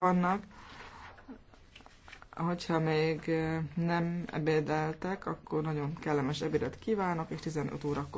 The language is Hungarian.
vannak, hogyha még eh, nem ebédeltek, akkor nagyon kellemes ebédet kívánok, és 15 órakor